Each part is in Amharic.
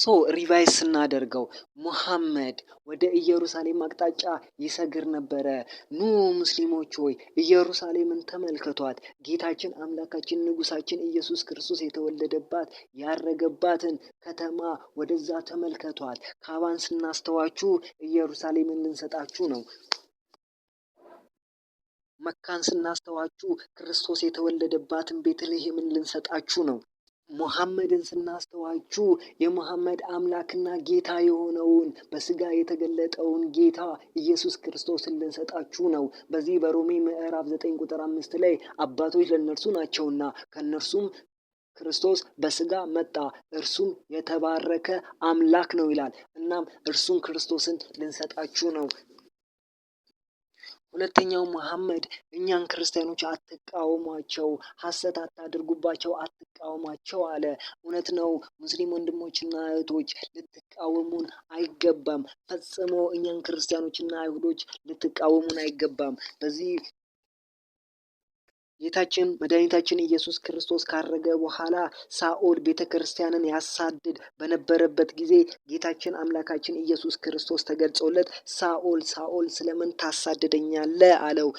ሶ ሪቫይዝ ስናደርገው ሙሐመድ ወደ ኢየሩሳሌም አቅጣጫ ይሰግር ነበረ። ኑ ሙስሊሞች ሆይ ኢየሩሳሌምን ተመልከቷት። ጌታችን አምላካችን ንጉሳችን ኢየሱስ ክርስቶስ የተወለደባት ያረገባትን ከተማ ወደዛ ተመልከቷት። ካባን ስናስተዋችሁ ኢየሩሳሌምን ልንሰጣችሁ ነው። መካን ስናስተዋችሁ ክርስቶስ የተወለደባትን ቤተልሔምን ልንሰጣችሁ ነው። ሙሐመድን ስናስተዋችሁ የሙሐመድ አምላክና ጌታ የሆነውን በስጋ የተገለጠውን ጌታ ኢየሱስ ክርስቶስን ልንሰጣችሁ ነው። በዚህ በሮሜ ምዕራፍ ዘጠኝ ቁጥር አምስት ላይ አባቶች ለእነርሱ ናቸውና ከእነርሱም ክርስቶስ በስጋ መጣ፣ እርሱም የተባረከ አምላክ ነው ይላል። እናም እርሱን ክርስቶስን ልንሰጣችሁ ነው። ሁለተኛው መሐመድ እኛን ክርስቲያኖች አትቃወሟቸው፣ ሐሰት አታድርጉባቸው፣ አትቃወሟቸው አለ። እውነት ነው ሙስሊም ወንድሞችና እህቶች ልትቃወሙን አይገባም። ፈጽሞ እኛን ክርስቲያኖችና አይሁዶች ልትቃወሙን አይገባም። በዚህ ጌታችን መድኃኒታችን ኢየሱስ ክርስቶስ ካረገ በኋላ ሳኦል ቤተ ክርስቲያንን ያሳድድ በነበረበት ጊዜ ጌታችን አምላካችን ኢየሱስ ክርስቶስ ተገልጾለት ሳኦል ሳኦል ስለምን ታሳድደኛለህ? አለው።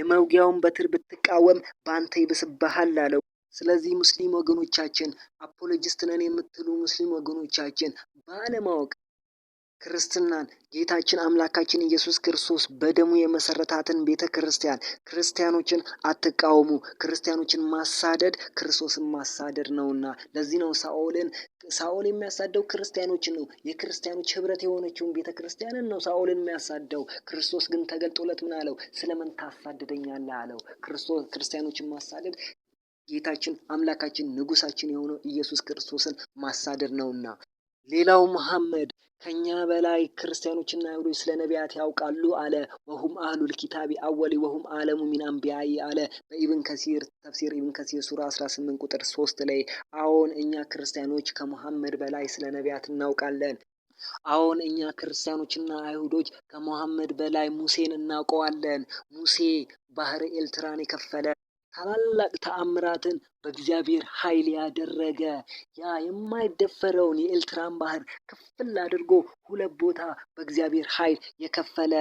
የመውጊያውን በትር ብትቃወም በአንተ ይብስብሃል አለው። ስለዚህ ሙስሊም ወገኖቻችን፣ አፖሎጂስት ነን የምትሉ ሙስሊም ወገኖቻችን ባለማወቅ ክርስትናን ጌታችን አምላካችን ኢየሱስ ክርስቶስ በደሙ የመሰረታትን ቤተ ክርስቲያን ክርስቲያኖችን አትቃወሙ። ክርስቲያኖችን ማሳደድ ክርስቶስን ማሳደድ ነውና፣ ለዚህ ነው ሳኦልን ሳኦል የሚያሳደው ክርስቲያኖችን ነው። የክርስቲያኖች ህብረት የሆነችውን ቤተ ክርስቲያንን ነው ሳኦልን የሚያሳደው። ክርስቶስ ግን ተገልጦለት ምን አለው? ስለምን ታሳድደኛለህ አለው። ክርስቶስ ክርስቲያኖችን ማሳደድ ጌታችን አምላካችን ንጉሳችን የሆነው ኢየሱስ ክርስቶስን ማሳደድ ነውና ሌላው መሐመድ ከኛ በላይ ክርስቲያኖችና አይሁዶች ስለ ነቢያት ያውቃሉ አለ። ወሁም አህሉል ኪታቢ አወሊ ወሁም አለሙ ሚን አንቢያይ አለ በኢብን ከሲር ተፍሲር ኢብን ከሲር ሱራ 18 ቁጥር 3 ላይ። አዎን እኛ ክርስቲያኖች ከሙሐመድ በላይ ስለ ነቢያት እናውቃለን። አዎን እኛ ክርስቲያኖችና አይሁዶች ከሙሐመድ በላይ ሙሴን እናውቀዋለን። ሙሴ ባህር ኤልትራን የከፈለ ታላላቅ ተአምራትን በእግዚአብሔር ኃይል ያደረገ ያ የማይደፈረውን የኤርትራን ባህር ክፍል አድርጎ ሁለት ቦታ በእግዚአብሔር ኃይል የከፈለ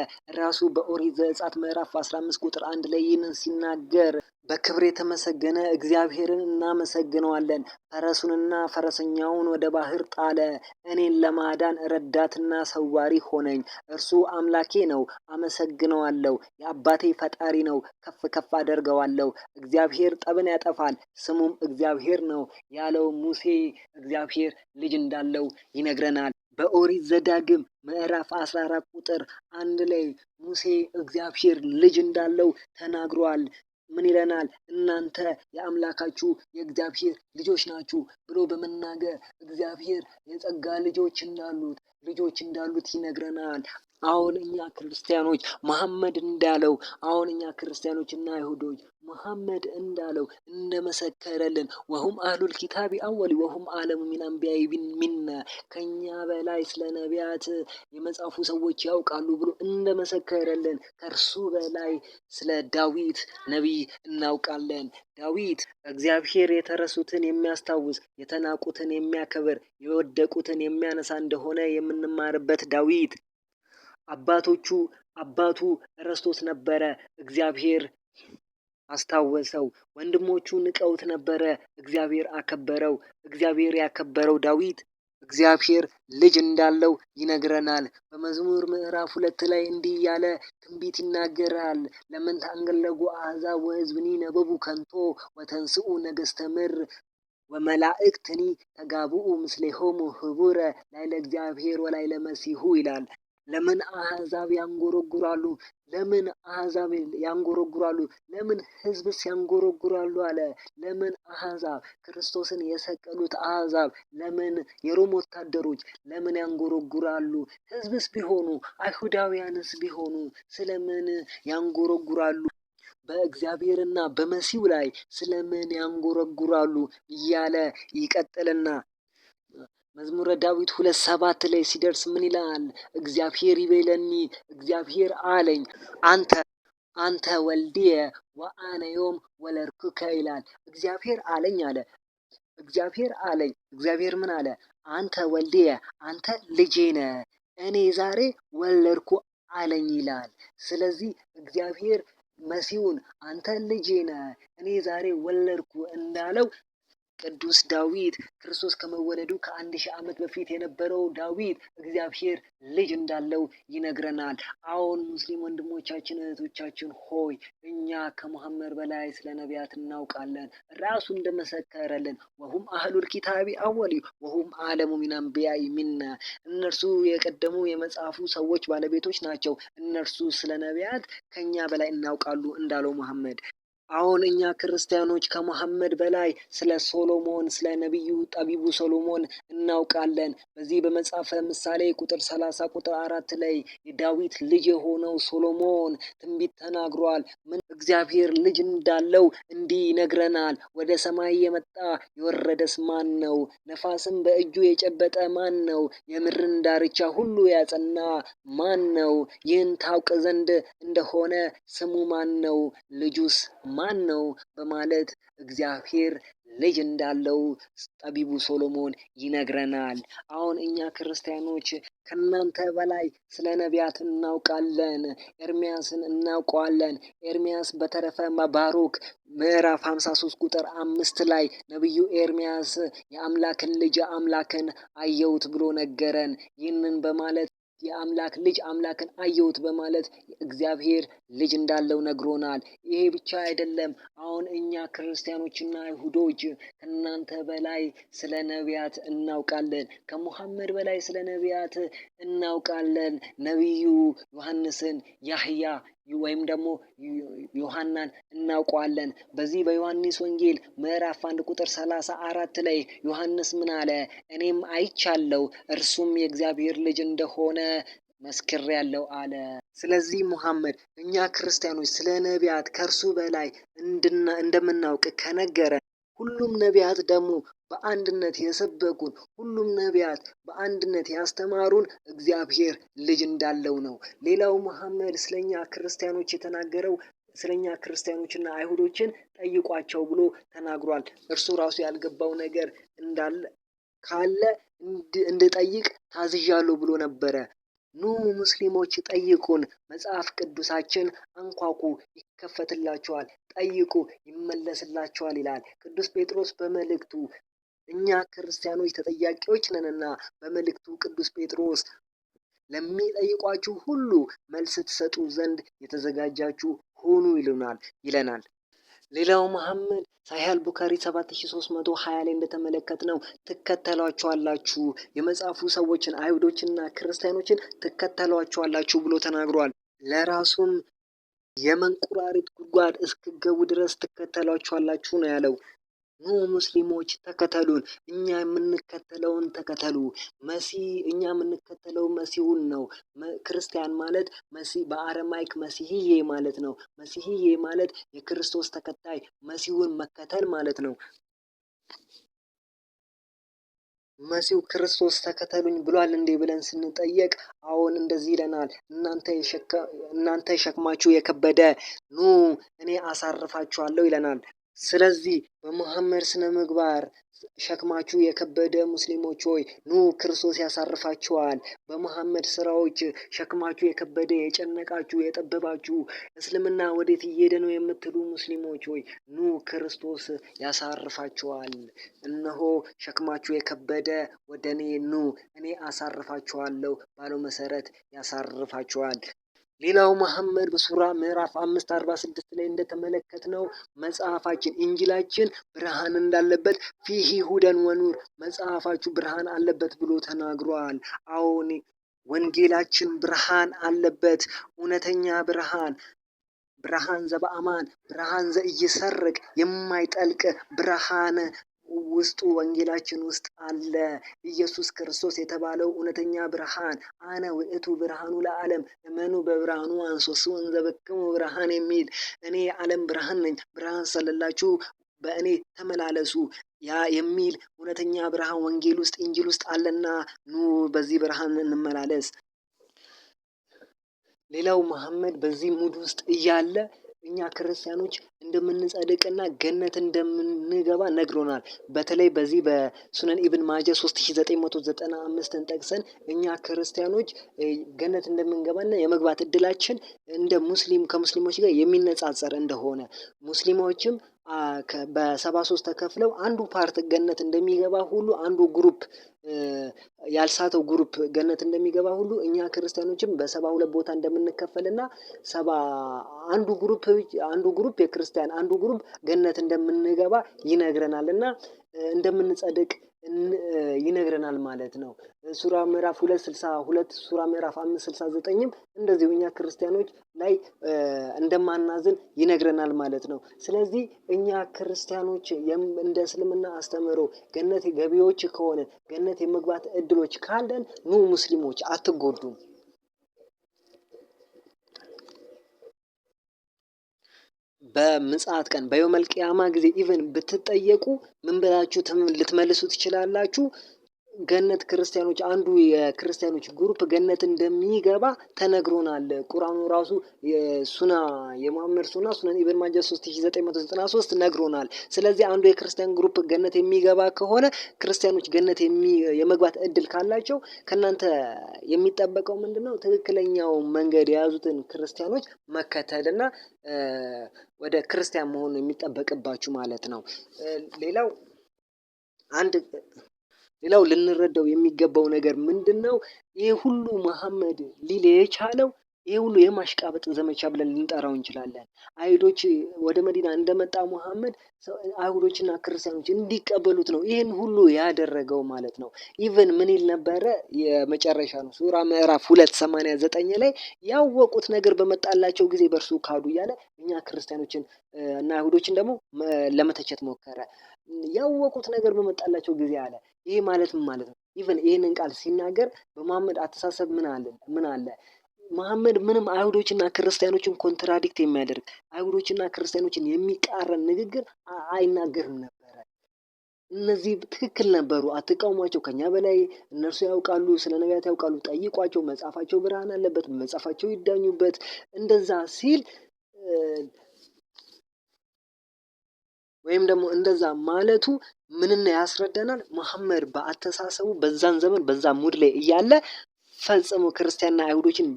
ራሱ በኦሪት ዘጸአት ምዕራፍ 15 ቁጥር አንድ ላይ ይህንን ሲናገር በክብር የተመሰገነ እግዚአብሔርን እናመሰግነዋለን። ፈረሱንና ፈረሰኛውን ወደ ባህር ጣለ፣ እኔን ለማዳን ረዳትና ሰዋሪ ሆነኝ። እርሱ አምላኬ ነው፣ አመሰግነዋለሁ። የአባቴ ፈጣሪ ነው፣ ከፍ ከፍ አደርገዋለሁ። እግዚአብሔር ጠብን ያጠፋል፣ ስሙም እግዚአብሔር ነው ያለው ሙሴ እግዚአብሔር ልጅ እንዳለው ይነግረናል። በኦሪት ዘዳግም ምዕራፍ 14 ቁጥር አንድ ላይ ሙሴ እግዚአብሔር ልጅ እንዳለው ተናግሯል። ምን ይለናል? እናንተ የአምላካችሁ የእግዚአብሔር ልጆች ናችሁ ብሎ በመናገር እግዚአብሔር የጸጋ ልጆች እንዳሉት ልጆች እንዳሉት ይነግረናል። አሁን እኛ ክርስቲያኖች መሐመድ እንዳለው አሁን እኛ ክርስቲያኖችና አይሁዶች መሐመድ እንዳለው እንደመሰከረልን ወሁም አህሉል ኪታቢ አወሊ ወሁም አለሙ ሚን አንቢያይ ሚነ ከኛ በላይ ስለ ነቢያት የመጻፉ ሰዎች ያውቃሉ ብሎ እንደመሰከረልን ከእርሱ በላይ ስለ ዳዊት ነቢይ እናውቃለን። ዳዊት እግዚአብሔር የተረሱትን የሚያስታውስ የተናቁትን የሚያከብር የወደቁትን የሚያነሳ እንደሆነ የምንማርበት ዳዊት አባቶቹ አባቱ ረስቶት ነበረ፣ እግዚአብሔር አስታወሰው። ወንድሞቹ ንቀውት ነበረ፣ እግዚአብሔር አከበረው። እግዚአብሔር ያከበረው ዳዊት እግዚአብሔር ልጅ እንዳለው ይነግረናል። በመዝሙር ምዕራፍ ሁለት ላይ እንዲህ ያለ ትንቢት ይናገራል። ለምን ታንገለጉ አሕዛብ ወሕዝብኒ ነበቡ ከንቶ ወተንስኡ ነገሥተ ምድር ወመላእክትኒ ተጋብኡ ምስሌሆሙ ህቡረ ላይ ለእግዚአብሔር ወላይ ለመሲሁ ይላል። ለምን አህዛብ ያንጎረጉራሉ? ለምን አህዛብ ያንጎረጉራሉ? ለምን ህዝብስ ያንጎረጉራሉ አለ። ለምን አህዛብ ክርስቶስን የሰቀሉት አህዛብ ለምን የሮም ወታደሮች ለምን ያንጎረጉራሉ? ህዝብስ ቢሆኑ አይሁዳውያንስ ቢሆኑ ስለምን ያንጎረጉራሉ? በእግዚአብሔርና በመሲው ላይ ስለምን ያንጎረጉራሉ እያለ ይቀጥልና መዝሙረ ዳዊት ሁለት ሰባት ላይ ሲደርስ ምን ይላል? እግዚአብሔር ይቤለኒ እግዚአብሔር አለኝ አንተ አንተ ወልድየ ወአነዮም ወለርኩከ ይላል። እግዚአብሔር አለኝ አለ። እግዚአብሔር አለኝ። እግዚአብሔር ምን አለ? አንተ ወልድየ አንተ ልጄ ነ እኔ ዛሬ ወለድኩ አለኝ ይላል። ስለዚህ እግዚአብሔር መሲሁን አንተ ልጄ ነ እኔ ዛሬ ወለድኩ እንዳለው ቅዱስ ዳዊት ክርስቶስ ከመወለዱ ከአንድ ሺህ ዓመት በፊት የነበረው ዳዊት እግዚአብሔር ልጅ እንዳለው ይነግረናል። አሁን ሙስሊም ወንድሞቻችን እህቶቻችን ሆይ እኛ ከመሐመድ በላይ ስለ ነቢያት እናውቃለን። ራሱ እንደመሰከረልን ወሁም አህሉል ኪታቢ አወሊ ወሁም አለሙ ሚናንቢያ ሚና እነርሱ የቀደሙ የመጽሐፉ ሰዎች ባለቤቶች ናቸው። እነርሱ ስለ ነቢያት ከኛ በላይ እናውቃሉ እንዳለው መሐመድ አሁን እኛ ክርስቲያኖች ከመሐመድ በላይ ስለ ሶሎሞን ስለ ነቢዩ ጠቢቡ ሶሎሞን እናውቃለን። በዚህ በመጽሐፈ ምሳሌ ቁጥር ሰላሳ ቁጥር አራት ላይ የዳዊት ልጅ የሆነው ሶሎሞን ትንቢት ተናግሯል። ምን እግዚአብሔር ልጅ እንዳለው እንዲህ ይነግረናል። ወደ ሰማይ የመጣ የወረደስ ማን ነው? ነፋስም በእጁ የጨበጠ ማን ነው? የምድርን ዳርቻ ሁሉ ያጸና ማን ነው? ይህን ታውቅ ዘንድ እንደሆነ ስሙ ማን ነው? ልጁስ ማን ነው በማለት እግዚአብሔር ልጅ እንዳለው ጠቢቡ ሶሎሞን ይነግረናል። አሁን እኛ ክርስቲያኖች ከእናንተ በላይ ስለ ነቢያት እናውቃለን። ኤርሚያስን እናውቀዋለን። ኤርሚያስ በተረፈ ባሮክ ምዕራፍ 53 ቁጥር አምስት ላይ ነቢዩ ኤርሚያስ የአምላክን ልጅ አምላክን አየሁት ብሎ ነገረን። ይህንን በማለት የአምላክ ልጅ አምላክን አየሁት በማለት እግዚአብሔር ልጅ እንዳለው ነግሮናል። ይሄ ብቻ አይደለም። አሁን እኛ ክርስቲያኖችና አይሁዶች ከእናንተ በላይ ስለ ነቢያት እናውቃለን፣ ከሙሐመድ በላይ ስለ ነቢያት እናውቃለን። ነቢዩ ዮሐንስን ያህያ ወይም ደግሞ ዮሐናን እናውቀዋለን። በዚህ በዮሐንስ ወንጌል ምዕራፍ አንድ ቁጥር ሰላሳ አራት ላይ ዮሐንስ ምን አለ? እኔም አይቻለው እርሱም የእግዚአብሔር ልጅ እንደሆነ መስክር ያለው አለ። ስለዚህ ሙሐመድ እኛ ክርስቲያኖች ስለ ነቢያት ከእርሱ በላይ እንደምናውቅ ከነገረን ሁሉም ነቢያት ደግሞ በአንድነት የሰበኩን ሁሉም ነቢያት በአንድነት ያስተማሩን እግዚአብሔር ልጅ እንዳለው ነው። ሌላው መሐመድ ስለኛ ክርስቲያኖች የተናገረው ስለኛ ክርስቲያኖችና አይሁዶችን ጠይቋቸው ብሎ ተናግሯል። እርሱ ራሱ ያልገባው ነገር እንዳለ ካለ እንድጠይቅ ታዝዣለሁ ብሎ ነበረ። ኑ ሙስሊሞች ጠይቁን፣ መጽሐፍ ቅዱሳችን አንኳኩ፣ ይከፈትላችኋል፣ ጠይቁ፣ ይመለስላችኋል ይላል። ቅዱስ ጴጥሮስ በመልእክቱ እኛ ክርስቲያኖች ተጠያቂዎች ነንና በመልእክቱ ቅዱስ ጴጥሮስ ለሚጠይቋችሁ ሁሉ መልስ ትሰጡ ዘንድ የተዘጋጃችሁ ሆኑ ይሉናል ይለናል። ሌላው መሐመድ ሳሂህ ቡካሪ 7320 ላይ እንደተመለከትነው ትከተሏቸዋላችሁ፣ የመጽሐፉ ሰዎችን አይሁዶችንና ክርስቲያኖችን ትከተሏቸዋላችሁ ብሎ ተናግሯል። ለራሱም የመንቁራሪት ጉድጓድ እስክገቡ ድረስ ትከተሏቸዋላችሁ ነው ያለው። ኑ ሙስሊሞች ተከተሉን፣ እኛ የምንከተለውን ተከተሉ። መሲህ እኛ የምንከተለው መሲሁን ነው። ክርስቲያን ማለት መሲ በአረማይክ መሲህዬ ማለት ነው። መሲህዬ ማለት የክርስቶስ ተከታይ መሲሁን መከተል ማለት ነው። መሲሁ ክርስቶስ ተከተሉኝ ብሏል እንዴ ብለን ስንጠየቅ አዎን እንደዚህ ይለናል። እናንተ ሸክማችሁ የከበደ ኑ እኔ አሳርፋችኋለሁ ይለናል። ስለዚህ በሙሐመድ ስነ ምግባር ሸክማችሁ የከበደ ሙስሊሞች ሆይ ኑ ክርስቶስ ያሳርፋችኋል። በመሐመድ ስራዎች ሸክማችሁ የከበደ የጨነቃችሁ፣ የጠበባችሁ እስልምና ወዴት እየሄደ ነው የምትሉ ሙስሊሞች ሆይ ኑ ክርስቶስ ያሳርፋችኋል። እነሆ ሸክማችሁ የከበደ ወደ እኔ ኑ፣ እኔ አሳርፋችኋለሁ ባለው መሰረት ያሳርፋችኋል። ሌላው መሐመድ በሱራ ምዕራፍ አምስት አርባ ስድስት ላይ እንደተመለከትነው መጽሐፋችን እንጅላችን ብርሃን እንዳለበት ፊሂ ሁደን ወኑር መጽሐፋችሁ ብርሃን አለበት ብሎ ተናግሯል። አዎን ወንጌላችን ብርሃን አለበት፣ እውነተኛ ብርሃን ብርሃን ዘበአማን ብርሃን ዘእየሰርቅ የማይጠልቅ ብርሃን ውስጡ ወንጌላችን ውስጥ አለ። ኢየሱስ ክርስቶስ የተባለው እውነተኛ ብርሃን አነ ውእቱ ብርሃኑ ለዓለም እመኑ በብርሃኑ አንሶሱ እንዘበክሙ ብርሃን የሚል እኔ የዓለም ብርሃን ነኝ፣ ብርሃን ስለላችሁ በእኔ ተመላለሱ ያ የሚል እውነተኛ ብርሃን ወንጌል ውስጥ እንጅል ውስጥ አለና ኑ በዚህ ብርሃን እንመላለስ። ሌላው መሐመድ በዚህ ሙድ ውስጥ እያለ እኛ ክርስቲያኖች እንደምንጸድቅና ገነት እንደምንገባ ነግሮናል። በተለይ በዚህ በሱነን ኢብን ማጀ 3995ን ጠቅሰን እኛ ክርስቲያኖች ገነት እንደምንገባና የመግባት እድላችን እንደ ሙስሊም ከሙስሊሞች ጋር የሚነጻጸር እንደሆነ ሙስሊሞችም በሰባ ሶስት ተከፍለው አንዱ ፓርት ገነት እንደሚገባ ሁሉ አንዱ ግሩፕ ያልሳተው ግሩፕ ገነት እንደሚገባ ሁሉ እኛ ክርስቲያኖችም በሰባ ሁለት ቦታ እንደምንከፈል እንደምንከፈልና ሰባ አንዱ ግሩፕ አንዱ ግሩፕ የክርስቲያን አንዱ ግሩፕ ገነት እንደምንገባ ይነግረናል እና እንደምንጸድቅ ይነግረናል ማለት ነው። ሱራ ምዕራፍ ሁለት ስልሳ ሁለት ሱራ ምዕራፍ አምስት ስልሳ ዘጠኝም እንደዚሁ እኛ ክርስቲያኖች ላይ እንደማናዝን ይነግረናል ማለት ነው። ስለዚህ እኛ ክርስቲያኖች እንደ እስልምና አስተምሮ ገነት ገቢዎች ከሆነ ገነት ገነት የመግባት እድሎች ካለን ኑ ሙስሊሞች አትጎዱም። በምጽአት ቀን በየውመል ጊዜ ኢቨን ብትጠየቁ ምን ብላችሁ ልትመልሱ ትችላላችሁ? ገነት ክርስቲያኖች አንዱ የክርስቲያኖች ግሩፕ ገነት እንደሚገባ ተነግሮናል። ቁርአኑ ራሱ ሱና የሙሐመድ ሱና ሱነን ኢብን ማጃ 3993 ነግሮናል። ስለዚህ አንዱ የክርስቲያን ግሩፕ ገነት የሚገባ ከሆነ ክርስቲያኖች ገነት የመግባት እድል ካላቸው ከእናንተ የሚጠበቀው ምንድን ነው? ትክክለኛው መንገድ የያዙትን ክርስቲያኖች መከተልና ወደ ክርስቲያን መሆኑ የሚጠበቅባችሁ ማለት ነው። ሌላው አንድ ሌላው ልንረዳው የሚገባው ነገር ምንድን ነው? ይህ ሁሉ መሐመድ ሊል የቻለው ይሄ ሁሉ የማሽቃበጥ ዘመቻ ብለን ልንጠራው እንችላለን። አይሁዶች ወደ መዲና እንደመጣ ሙሐመድ አይሁዶችና ክርስቲያኖች እንዲቀበሉት ነው ይህን ሁሉ ያደረገው ማለት ነው። ኢቨን ምን ይል ነበረ? የመጨረሻ ነው ሱራ ምዕራፍ ሁለት ሰማንያ ዘጠኝ ላይ ያወቁት ነገር በመጣላቸው ጊዜ በእርሱ ካዱ እያለ እኛ ክርስቲያኖችን እና አይሁዶችን ደግሞ ለመተቸት ሞከረ። ያወቁት ነገር በመጣላቸው ጊዜ አለ። ይሄ ማለት ምን ማለት ነው? ኢቨን ይህንን ቃል ሲናገር በሙሐመድ አተሳሰብ ምን አለ ምን አለ መሐመድ ምንም አይሁዶችና ክርስቲያኖችን ኮንትራዲክት የሚያደርግ አይሁዶችና ክርስቲያኖችን የሚቃረን ንግግር አይናገርም ነበረ። እነዚህ ትክክል ነበሩ፣ አትቃውሟቸው፣ ከኛ በላይ እነርሱ ያውቃሉ፣ ስለ ነቢያት ያውቃሉ፣ ጠይቋቸው፣ መጽሐፋቸው ብርሃን አለበት፣ መጽሐፋቸው ይዳኙበት። እንደዛ ሲል ወይም ደግሞ እንደዛ ማለቱ ምንና ያስረዳናል? መሐመድ በአተሳሰቡ በዛን ዘመን በዛ ሙድ ላይ እያለ ፈጽሞ ክርስቲያንና አይሁዶችን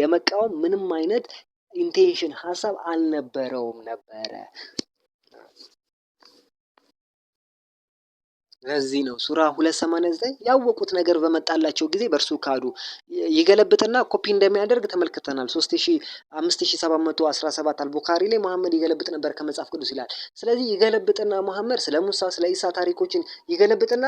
የመቃወም ምንም አይነት ኢንቴንሽን ሀሳብ አልነበረውም ነበረ። ለዚህ ነው ሱራ 289 ያወቁት ነገር በመጣላቸው ጊዜ በእርሱ ካዱ። ይገለብጥና ኮፒ እንደሚያደርግ ተመልክተናል። 3717 አልቡካሪ ላይ መሐመድ ይገለብጥ ነበር ከመጽሐፍ ቅዱስ ይላል። ስለዚህ ይገለብጥና መሐመድ ስለ ሙሳ ስለ ኢሳ ታሪኮችን ይገለብጥና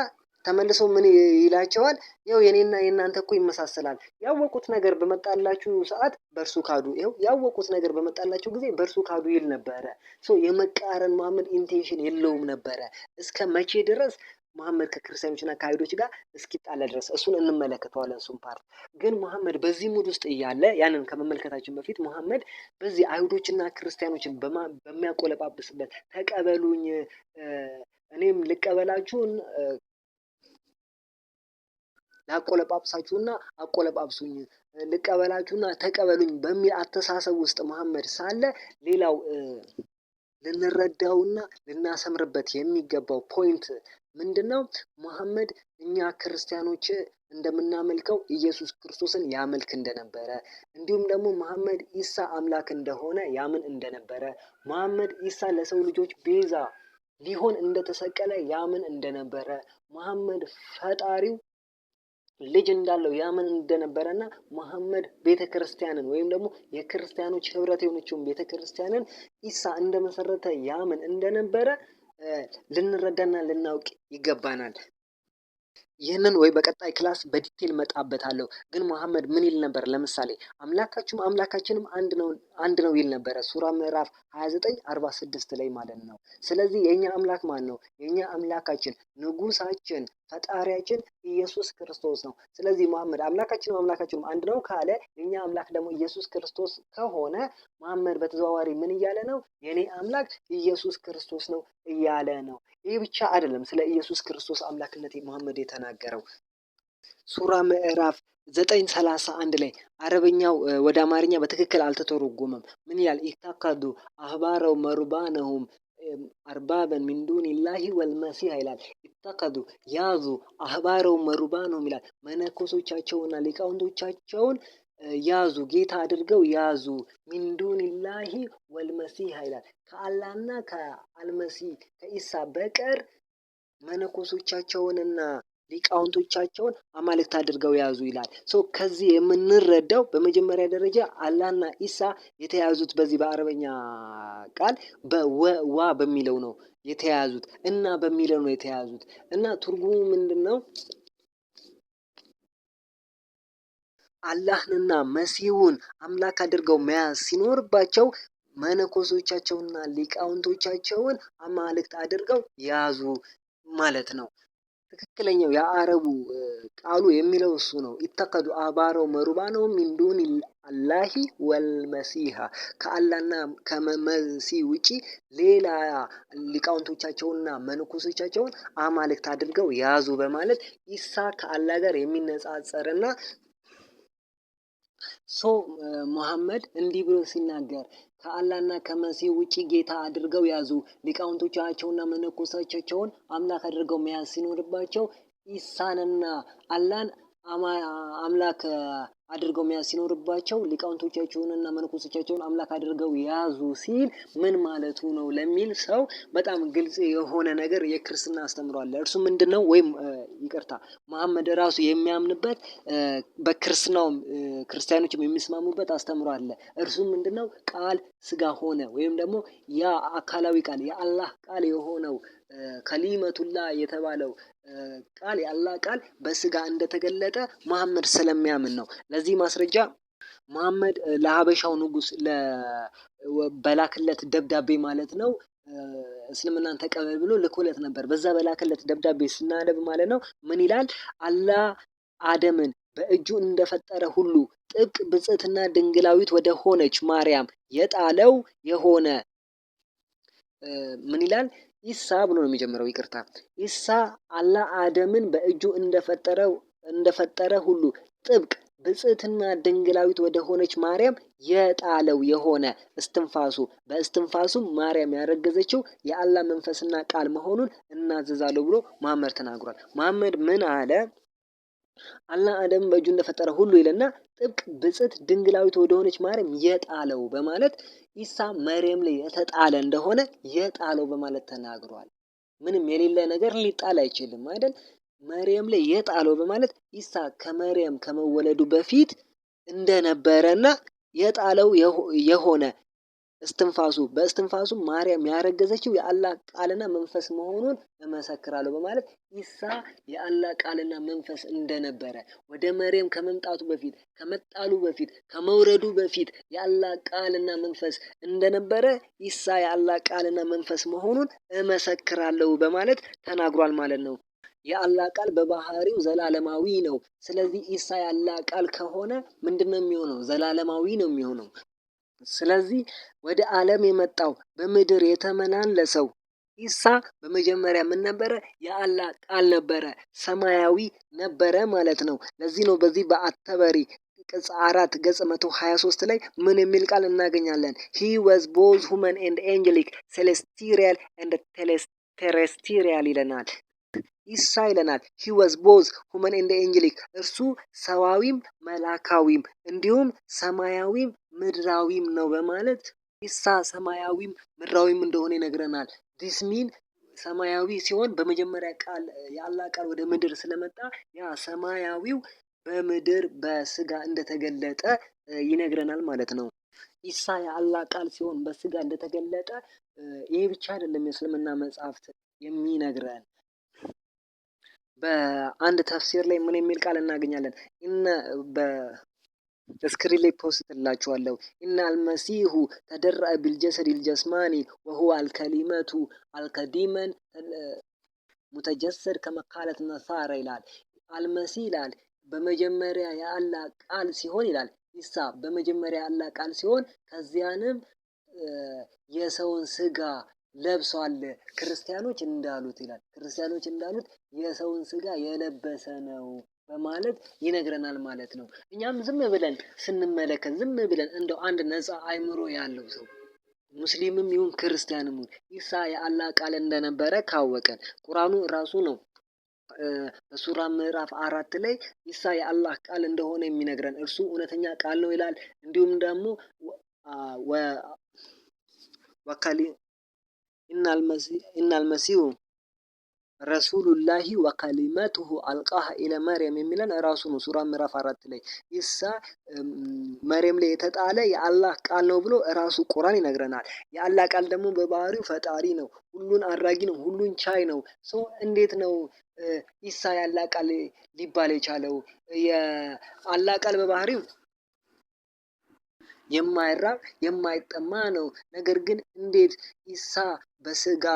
ተመልሶ ምን ይላቸዋል? ያው የኔና የእናንተ እኮ ይመሳሰላል። ያወቁት ነገር በመጣላችሁ ሰዓት በእርሱ ካዱ። ይኸው ያወቁት ነገር በመጣላችሁ ጊዜ በእርሱ ካዱ ይል ነበረ። የመቃረን መሐመድ ኢንቴንሽን የለውም ነበረ። እስከ መቼ ድረስ መሐመድ ከክርስቲያኖችና ከአይሁዶች ጋር እስኪጣለ ድረስ እሱን እንመለከተዋለን። እሱን ፓርት ግን መሐመድ በዚህ ሙድ ውስጥ እያለ ያንን ከመመልከታችን በፊት መሐመድ በዚህ አይሁዶችና ክርስቲያኖችን በሚያቆለጳብስበት ተቀበሉኝ እኔም ልቀበላችሁን ላቆለጳጵሳችሁና አቆለጳጳሱኝ ልቀበላችሁና ተቀበሉኝ በሚል አተሳሰብ ውስጥ መሐመድ ሳለ ሌላው ልንረዳውና ልናሰምርበት የሚገባው ፖይንት ምንድን ነው? መሐመድ እኛ ክርስቲያኖች እንደምናመልከው ኢየሱስ ክርስቶስን ያመልክ እንደነበረ እንዲሁም ደግሞ መሐመድ ኢሳ አምላክ እንደሆነ ያምን እንደነበረ መሐመድ ኢሳ ለሰው ልጆች ቤዛ ሊሆን እንደተሰቀለ ያምን እንደነበረ መሐመድ ፈጣሪው ልጅ እንዳለው ያምን እንደነበረና መሐመድ ቤተ ክርስቲያንን ወይም ደግሞ የክርስቲያኖች ህብረት የሆነችውን ቤተ ክርስቲያንን ኢሳ እንደመሰረተ ያምን እንደነበረ ልንረዳና ልናውቅ ይገባናል። ይህንን ወይ በቀጣይ ክላስ በዲቴል መጣበታለሁ። ግን መሐመድ ምን ይል ነበር? ለምሳሌ አምላካችሁም አምላካችንም አንድ ነው አንድ ነው ይል ነበረ ሱራ ምዕራፍ 29 46 ላይ ማለት ነው። ስለዚህ የእኛ አምላክ ማን ነው? የእኛ አምላካችን ንጉሳችን ፈጣሪያችን ኢየሱስ ክርስቶስ ነው። ስለዚህ መሐመድ አምላካችንም አምላካችንም አንድ ነው ካለ የእኛ አምላክ ደግሞ ኢየሱስ ክርስቶስ ከሆነ መሐመድ በተዘዋዋሪ ምን እያለ ነው? የእኔ አምላክ ኢየሱስ ክርስቶስ ነው እያለ ነው። ይህ ብቻ አይደለም። ስለ ኢየሱስ ክርስቶስ አምላክነት መሐመድ የተናገረው ሱራ ምዕራፍ ዘጠኝ ሰላሳ አንድ ላይ አረበኛው ወደ አማርኛ በትክክል አልተተረጎመም። ምን ይላል? ኢታካዱ አህባረው መሩባነሁም አርባበን ሚንዱን ላሂ ወልመሲህ ይላል። ኢታካዱ ያዙ አህባረው መሩባነሁም ይላል። መነኮሶቻቸውና ሊቃውንቶቻቸውን ያዙ ጌታ አድርገው ያዙ ሚንዱንላሂ ወልመሲህ ይላል። ከአላህና ከአልመሲህ ከኢሳ በቀር መነኮሶቻቸውንና ሊቃውንቶቻቸውን አማልክት አድርገው ያዙ ይላል። ሶ ከዚህ የምንረዳው በመጀመሪያ ደረጃ አላህና ኢሳ የተያዙት በዚህ በአረበኛ ቃል በወዋ በሚለው ነው የተያዙት እና በሚለው ነው የተያዙት እና ትርጉሙ ምንድን ነው? አላህንና መሲሁን አምላክ አድርገው መያዝ ሲኖርባቸው መነኮሶቻቸውና ሊቃውንቶቻቸውን አማልክት አድርገው ያዙ ማለት ነው። ትክክለኛው የአረቡ ቃሉ የሚለው እሱ ነው። ኢተከዱ አባረው መሩባነው ዱን አላሂ ወልመሲሃ ከአላና ከመመሲ ውጪ ሌላ ሊቃውንቶቻቸውና መነኮሶቻቸውን አማልክት አድርገው ያዙ በማለት ኢሳ ከአላ ጋር የሚነጻጸርና ሶ መሐመድ እንዲህ ብሎ ሲናገር ከአላና ከመሲህ ውጪ ጌታ አድርገው ያዙ። ሊቃውንቶቻቸውና መነኮሳቻቸውን አምላክ አድርገው መያዝ ሲኖርባቸው ኢሳንና አላን አምላክ አድርገው መያዝ ሲኖርባቸው ሊቃውንቶቻቸውንና መነኮሶቻቸውን አምላክ አድርገው ያዙ ሲል ምን ማለቱ ነው ለሚል ሰው በጣም ግልጽ የሆነ ነገር የክርስትና አስተምሮ እርሱ ምንድን ነው? ወይም ይቅርታ መሐመድ ራሱ የሚያምንበት በክርስትናውም ክርስቲያኖችም የሚስማሙበት አስተምሮ አለ። እርሱ ምንድን ነው? ቃል ስጋ ሆነ ወይም ደግሞ ያ አካላዊ ቃል የአላህ ቃል የሆነው ከሊመቱላ የተባለው ቃል የአላህ ቃል በስጋ እንደተገለጠ መሐመድ ስለሚያምን ነው። ለዚህ ማስረጃ መሐመድ ለሀበሻው ንጉስ በላክለት ደብዳቤ ማለት ነው እስልምናን ተቀበል ብሎ ልኮለት ነበር። በዛ በላክለት ደብዳቤ ስናነብ ማለት ነው ምን ይላል? አላህ አደምን በእጁ እንደፈጠረ ሁሉ ጥብቅ ብጽትና ድንግላዊት ወደ ሆነች ማርያም የጣለው የሆነ ምን ይላል? ኢሳ ብሎ ነው የሚጀምረው። ይቅርታ ኢሳ አላህ አደምን በእጁ እንደፈጠረው እንደፈጠረ ሁሉ ጥብቅ ብጽትና ድንግላዊት ወደ ሆነች ማርያም የጣለው የሆነ እስትንፋሱ በእስትንፋሱ ማርያም ያረገዘችው የአላህ መንፈስና ቃል መሆኑን እናዘዛለሁ ብሎ መሐመድ ተናግሯል። መሐመድ ምን አለ? አላህ አደም በእጁ እንደፈጠረ ሁሉ ይለና ጥብቅ ብጽት ድንግላዊት ወደሆነች ማርያም የጣለው በማለት ኢሳ መርየም ላይ የተጣለ እንደሆነ የጣለው በማለት ተናግሯል። ምንም የሌለ ነገር ሊጣል አይችልም አይደል? መርየም ላይ የጣለው በማለት ኢሳ ከመርየም ከመወለዱ በፊት እንደነበረና የጣለው የሆነ እስትንፋሱ በእስትንፋሱ ማርያም ያረገዘችው የአላህ ቃልና መንፈስ መሆኑን እመሰክራለሁ በማለት ኢሳ የአላህ ቃልና መንፈስ እንደነበረ ወደ መርየም ከመምጣቱ በፊት ከመጣሉ በፊት ከመውረዱ በፊት የአላህ ቃልና መንፈስ እንደነበረ ኢሳ የአላህ ቃልና መንፈስ መሆኑን እመሰክራለሁ በማለት ተናግሯል ማለት ነው። የአላህ ቃል በባህሪው ዘላለማዊ ነው። ስለዚህ ኢሳ የአላህ ቃል ከሆነ ምንድን ነው የሚሆነው? ዘላለማዊ ነው የሚሆነው። ስለዚህ ወደ ዓለም የመጣው በምድር የተመላለሰው ኢሳ በመጀመሪያ ምን ነበረ? የአላ ቃል ነበረ፣ ሰማያዊ ነበረ ማለት ነው። ለዚህ ነው በዚህ በአተበሪ ቅጽ አራት ገጽ መቶ ሀያ ሶስት ላይ ምን የሚል ቃል እናገኛለን? ሂ ወዝ ቦዝ ሁመን ኤንድ ኤንጀሊክ ሴሌስቲሪያል ኤንድ ቴሌስቴሬስቲሪያል ይለናል። ኢሳ ይለናል። ሂ ወዝ ቦዝ ሁመን እንደ ኤንጅሊክ እርሱ ሰዋዊም መላካዊም እንዲሁም ሰማያዊም ምድራዊም ነው በማለት ኢሳ ሰማያዊም ምድራዊም እንደሆነ ይነግረናል። ዲስሚን ሰማያዊ ሲሆን በመጀመሪያ ቃል የአላ ቃል ወደ ምድር ስለመጣ ያ ሰማያዊው በምድር በስጋ እንደተገለጠ ይነግረናል ማለት ነው። ኢሳ የአላ ቃል ሲሆን በስጋ እንደተገለጠ ይሄ ብቻ አይደለም የእስልምና መጽሐፍት የሚነግረን በአንድ ተፍሲር ላይ ምን የሚል ቃል እናገኛለን? እነ በስክሪን ላይ ፖስት እላችኋለሁ። እነ አልመሲሁ ተደረአ ቢልጀሰድ ልጀስማኒ ወሁ አልከሊመቱ አልከዲመን ሙተጀሰድ ከመካለት ነሳረ ይላል። አልመሲ ይላል በመጀመሪያ የአላ ቃል ሲሆን ይላል ኢሳ በመጀመሪያ ያላ ቃል ሲሆን ከዚያንም የሰውን ስጋ ለብሷል። ክርስቲያኖች እንዳሉት ይላል። ክርስቲያኖች እንዳሉት የሰውን ስጋ የለበሰ ነው በማለት ይነግረናል ማለት ነው። እኛም ዝም ብለን ስንመለከት ዝም ብለን እንደው አንድ ነፃ አይምሮ ያለው ሰው ሙስሊምም ይሁን ክርስቲያንም ይሁን ኢሳ የአላህ ቃል እንደነበረ ካወቀን ቁርአኑ ራሱ ነው በሱራ ምዕራፍ አራት ላይ ኢሳ የአላህ ቃል እንደሆነ የሚነግረን እርሱ እውነተኛ ቃል ነው ይላል። እንዲሁም ደግሞ እና አልመሲሁ ረሱሉላሂ ወከሊመቱሁ አልቃሃ ኢለ መርየም የሚለን ራሱ ነው። ሱራ ምዕራፍ አራት ላይ ኢሳ መርየም ላይ የተጣለ የአላህ ቃል ነው ብሎ ራሱ ቁራን ይነግረናል። የአላህ ቃል ደግሞ በባህሪው ፈጣሪ ነው፣ ሁሉን አድራጊ ነው፣ ሁሉን ቻይ ነው። ሰው እንዴት ነው ኢሳ የአላህ ቃል ሊባል የቻለው? የአላህ ቃል በባህሪው የማይራብ የማይጠማ ነው። ነገር ግን እንዴት ኢሳ በስጋ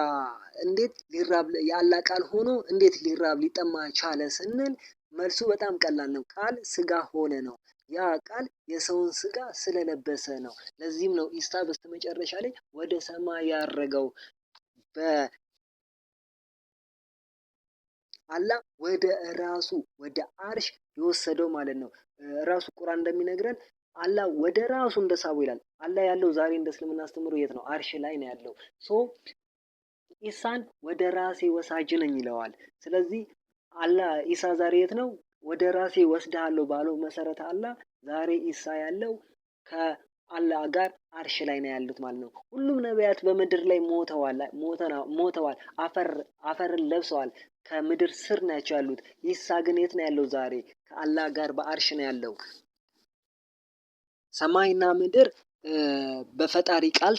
እንዴት ሊራብ ያላ ቃል ሆኖ እንዴት ሊራብ ሊጠማ ቻለ ስንል መልሱ በጣም ቀላል ነው። ቃል ስጋ ሆነ ነው። ያ ቃል የሰውን ስጋ ስለለበሰ ነው። ለዚህም ነው ኢሳ በስተመጨረሻ ላይ ወደ ሰማይ ያረገው አላ ወደ ራሱ ወደ አርሽ የወሰደው ማለት ነው። ራሱ ቁርአን እንደሚነግረን አላ ወደ ራሱ እንደሳቡ ይላል። አላ ያለው ዛሬ እንደ እስልምና አስተምሮ የት ነው? አርሽ ላይ ነው ያለው ሶ ኢሳን ወደ ራሴ ወሳጅ ነኝ ይለዋል። ስለዚህ አላ ኢሳ ዛሬ የት ነው? ወደ ራሴ ወስድሃለሁ ባለው መሰረት አላ ዛሬ ኢሳ ያለው ከአላህ ጋር አርሽ ላይ ነው ያሉት ማለት ነው። ሁሉም ነቢያት በምድር ላይ ሞተዋል ሞተዋል፣ አፈር አፈርን ለብሰዋል፣ ከምድር ስር ናቸው ያሉት። ኢሳ ግን የት ነው ያለው? ዛሬ ከአላህ ጋር በአርሽ ነው ያለው። ሰማይና ምድር በፈጣሪ ቃል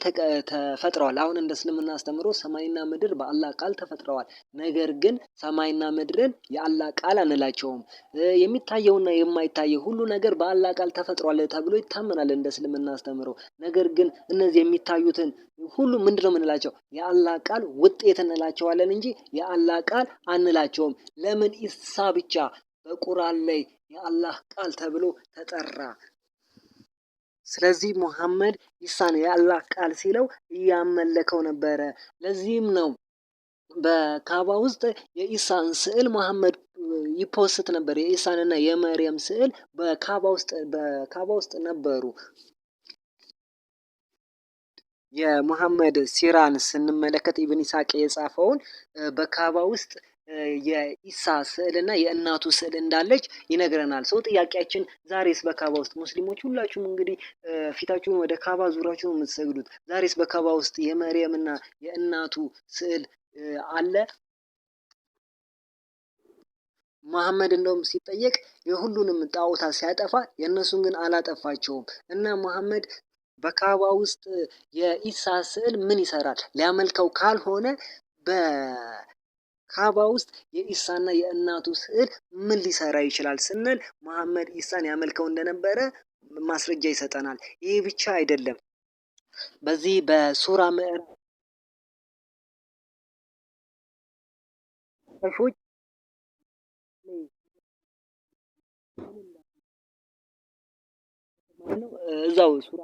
ተፈጥረዋል። አሁን እንደ እስልምና አስተምሮ ሰማይና ምድር በአላህ ቃል ተፈጥረዋል። ነገር ግን ሰማይና ምድርን የአላህ ቃል አንላቸውም። የሚታየውና የማይታየው ሁሉ ነገር በአላህ ቃል ተፈጥሯል ተብሎ ይታመናል እንደ እስልምና አስተምሮ። ነገር ግን እነዚህ የሚታዩትን ሁሉ ምንድን ነው የምንላቸው? የአላህ ቃል ውጤት እንላቸዋለን እንጂ የአላህ ቃል አንላቸውም። ለምን ኢሳ ብቻ በቁርአን ላይ የአላህ ቃል ተብሎ ተጠራ? ስለዚህ ሙሐመድ ኢሳን የአላህ ቃል ሲለው እያመለከው ነበረ። ለዚህም ነው በካባ ውስጥ የኢሳን ስዕል ሙሐመድ ይፖስት ነበር። የኢሳን እና የመርየም ስዕል በካባ ውስጥ በካባ ውስጥ ነበሩ። የሙሐመድ ሲራን ስንመለከት ኢብን ኢሳቅ የጻፈውን በካባ ውስጥ የኢሳ ስዕል የእናቱ ስዕል እንዳለች ይነግረናል። ሰው ጥያቄያችን ዛሬስ በካባ ውስጥ ሙስሊሞች ሁላችሁም እንግዲህ ፊታችሁን ወደ ካባ ዙራችሁ የምትሰግዱት ዛሬስ በካባ ውስጥ የመርየምና የእናቱ ስዕል አለ? መሐመድ እንደውም ሲጠየቅ የሁሉንም ጣዖታት ሲያጠፋ የእነሱን ግን አላጠፋቸውም እና መሐመድ በካባ ውስጥ የኢሳ ስዕል ምን ይሰራል? ሊያመልከው ካልሆነ በ ካባ ውስጥ የኢሳና የእናቱ ስዕል ምን ሊሰራ ይችላል ስንል መሐመድ ኢሳን ያመልከው እንደነበረ ማስረጃ ይሰጠናል። ይህ ብቻ አይደለም። በዚህ በሱራ ምዕራፎች እዛው ሱራ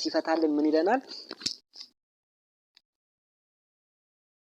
ሲፈታልን ምን ይለናል